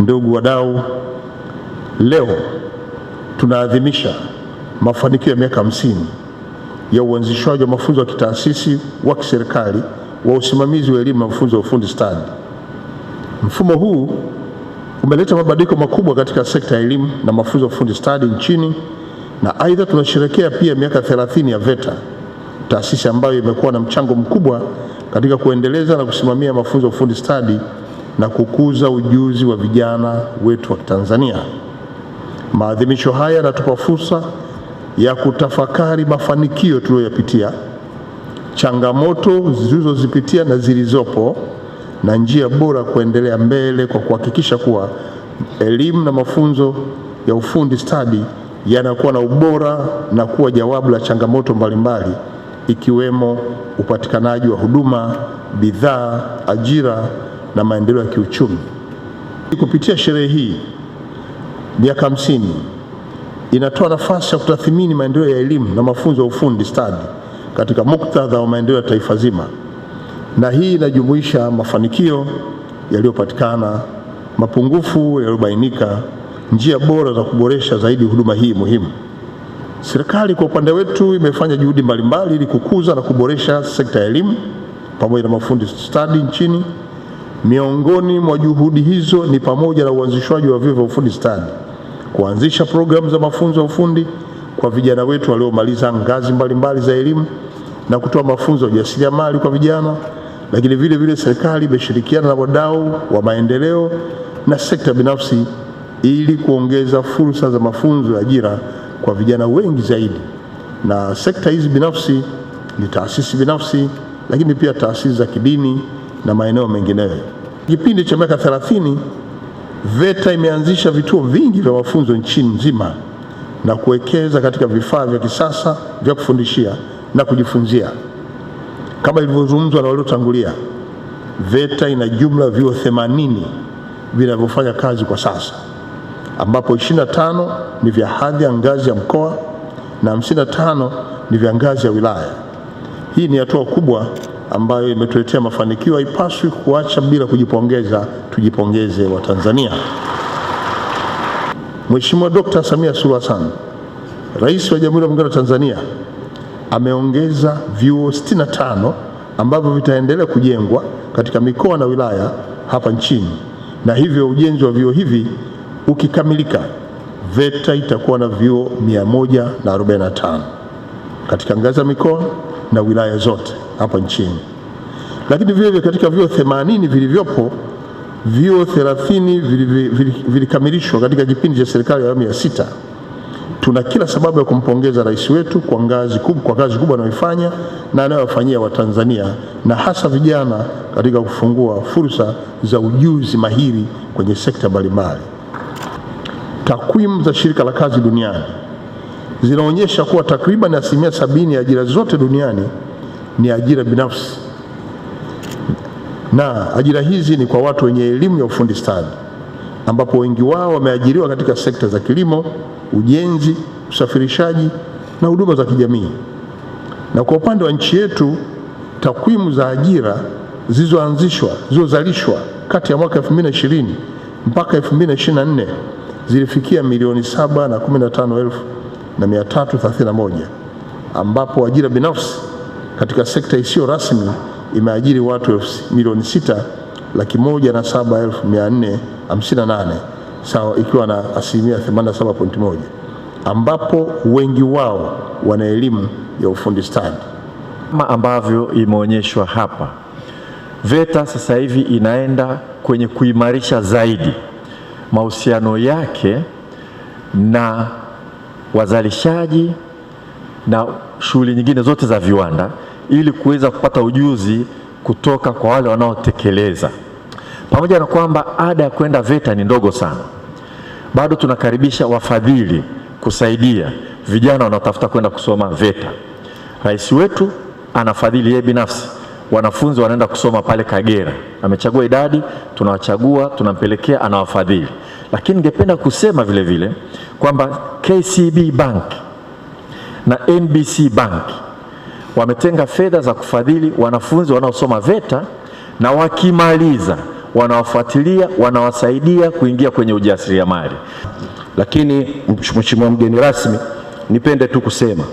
Ndugu wadau, leo tunaadhimisha mafanikio ya miaka hamsini ya uanzishwaji wa mafunzo ya kitaasisi wa kiserikali wa usimamizi wa elimu na mafunzo ya ufundi stadi. Mfumo huu umeleta mabadiliko makubwa katika sekta ya elimu na mafunzo ya ufundi stadi nchini, na aidha tunasherekea pia miaka 30 ya VETA, taasisi ambayo imekuwa na mchango mkubwa katika kuendeleza na kusimamia mafunzo ya ufundi stadi na kukuza ujuzi wa vijana wetu wa Tanzania. Maadhimisho haya yanatupa fursa ya kutafakari mafanikio tuliyoyapitia, changamoto zilizozipitia na zilizopo, na njia bora kuendelea mbele kwa kuhakikisha kuwa elimu na mafunzo ya ufundi stadi yanakuwa na ubora na kuwa jawabu la changamoto mbalimbali ikiwemo upatikanaji wa huduma, bidhaa, ajira na maendeleo ya kiuchumi. Kupitia sherehe hii miaka hamsini inatoa nafasi ya kutathmini maendeleo ya elimu na mafunzo ya ufundi stadi katika muktadha wa maendeleo ya taifa zima, na hii inajumuisha mafanikio yaliyopatikana, mapungufu yaliyobainika, njia bora za kuboresha zaidi huduma hii muhimu. Serikali kwa upande wetu imefanya juhudi mbalimbali ili kukuza na kuboresha sekta ya elimu pamoja na mafundi stadi nchini. Miongoni mwa juhudi hizo ni pamoja na uanzishwaji wa vyuo vya ufundi stadi, kuanzisha programu za mafunzo ya ufundi kwa vijana wetu waliomaliza ngazi mbalimbali za elimu na kutoa mafunzo ya ujasiriamali kwa vijana. Lakini vile vile serikali imeshirikiana na wadau wa maendeleo na sekta binafsi ili kuongeza fursa za mafunzo ya ajira kwa vijana wengi zaidi. Na sekta hizi binafsi ni taasisi binafsi, lakini pia taasisi za kidini na maeneo mengineyo. Kipindi cha miaka 30 VETA imeanzisha vituo vingi vya mafunzo nchini nzima na kuwekeza katika vifaa vya kisasa vya kufundishia na kujifunzia. Kama ilivyozungumzwa na waliotangulia, VETA ina jumla vyuo 80 vinavyofanya kazi kwa sasa, ambapo 25 ni vya hadhi ya ngazi ya mkoa na 55 ni vya ngazi ya wilaya. Hii ni hatua kubwa ambayo imetuletea mafanikio haipaswi kuacha bila kujipongeza. Tujipongeze Watanzania. Mheshimiwa Dkt. Samia Suluhu Hassan, Rais wa Jamhuri ya Muungano wa Tanzania, ameongeza vyuo 65 ambavyo vitaendelea kujengwa katika mikoa na wilaya hapa nchini, na hivyo ujenzi wa vyuo hivi ukikamilika, VETA itakuwa na vyuo 145 katika ngazi ya mikoa na wilaya zote hapa nchini. Lakini vile vile katika vyuo 80 vilivyopo vyuo 30 vilikamilishwa katika kipindi cha serikali ya awamu ya sita. Tuna kila sababu ya kumpongeza rais wetu kwa ngazi kubwa, kwa kazi kubwa anayoifanya na anayowafanyia Watanzania na hasa vijana katika kufungua fursa za ujuzi mahiri kwenye sekta mbalimbali. Takwimu za shirika la kazi duniani zinaonyesha kuwa takriban asilimia sabini ya ajira zote duniani ni ajira binafsi, na ajira hizi ni kwa watu wenye elimu ya ufundi stadi, ambapo wengi wao wameajiriwa katika sekta za kilimo, ujenzi, usafirishaji na huduma za kijamii. Na kwa upande wa nchi yetu, takwimu za ajira zilizoanzishwa zilizozalishwa kati ya mwaka 2020 mpaka 2024 zilifikia milioni saba na 15 elfu na 331 ambapo ajira binafsi katika sekta isiyo rasmi imeajiri watu milioni sita laki moja na saba elfu mia nne hamsini na nane sawa, ikiwa na asilimia 87.1, ambapo wengi wao wana elimu ya ufundi stadi. Kama ambavyo imeonyeshwa hapa, VETA sasa hivi inaenda kwenye kuimarisha zaidi mahusiano yake na wazalishaji na shughuli nyingine zote za viwanda ili kuweza kupata ujuzi kutoka kwa wale wanaotekeleza. Pamoja na kwamba ada ya kwenda VETA ni ndogo sana, bado tunakaribisha wafadhili kusaidia vijana wanaotafuta kwenda kusoma VETA. Rais wetu anafadhili yeye binafsi wanafunzi wanaenda kusoma pale Kagera, amechagua idadi, tunawachagua, tunampelekea, anawafadhili. Lakini ningependa kusema vile vile kwamba KCB Bank na NBC Bank wametenga fedha za kufadhili wanafunzi wanaosoma VETA na wakimaliza wanawafuatilia wanawasaidia kuingia kwenye ujasiriamali. Lakini Mheshimiwa mgeni rasmi, nipende tu kusema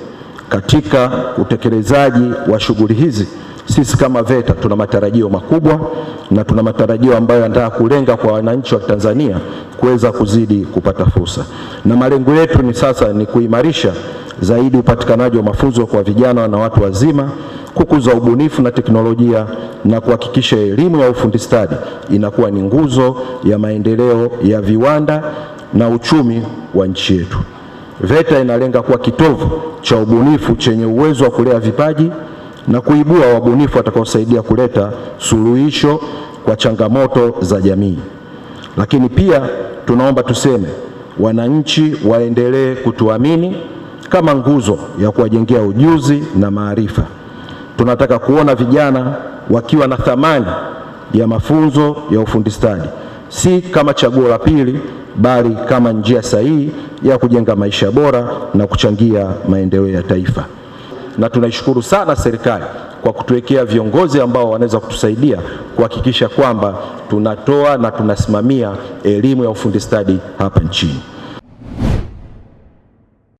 katika utekelezaji wa shughuli hizi sisi kama VETA tuna matarajio makubwa na tuna matarajio ambayo yanataka kulenga kwa wananchi wa Tanzania kuweza kuzidi kupata fursa, na malengo yetu ni sasa ni kuimarisha zaidi upatikanaji wa mafunzo kwa vijana na watu wazima, kukuza ubunifu na teknolojia na kuhakikisha elimu ya ufundi stadi inakuwa ni nguzo ya maendeleo ya viwanda na uchumi wa nchi yetu. VETA inalenga kuwa kitovu cha ubunifu chenye uwezo wa kulea vipaji na kuibua wabunifu watakaosaidia kuleta suluhisho kwa changamoto za jamii. Lakini pia tunaomba tuseme, wananchi waendelee kutuamini kama nguzo ya kuwajengea ujuzi na maarifa. Tunataka kuona vijana wakiwa na thamani ya mafunzo ya ufundi stadi, si kama chaguo la pili, bali kama njia sahihi ya kujenga maisha bora na kuchangia maendeleo ya taifa. Na tunaishukuru sana serikali kwa kutuwekea viongozi ambao wanaweza kutusaidia kuhakikisha kwamba tunatoa na tunasimamia elimu ya ufundi stadi hapa nchini.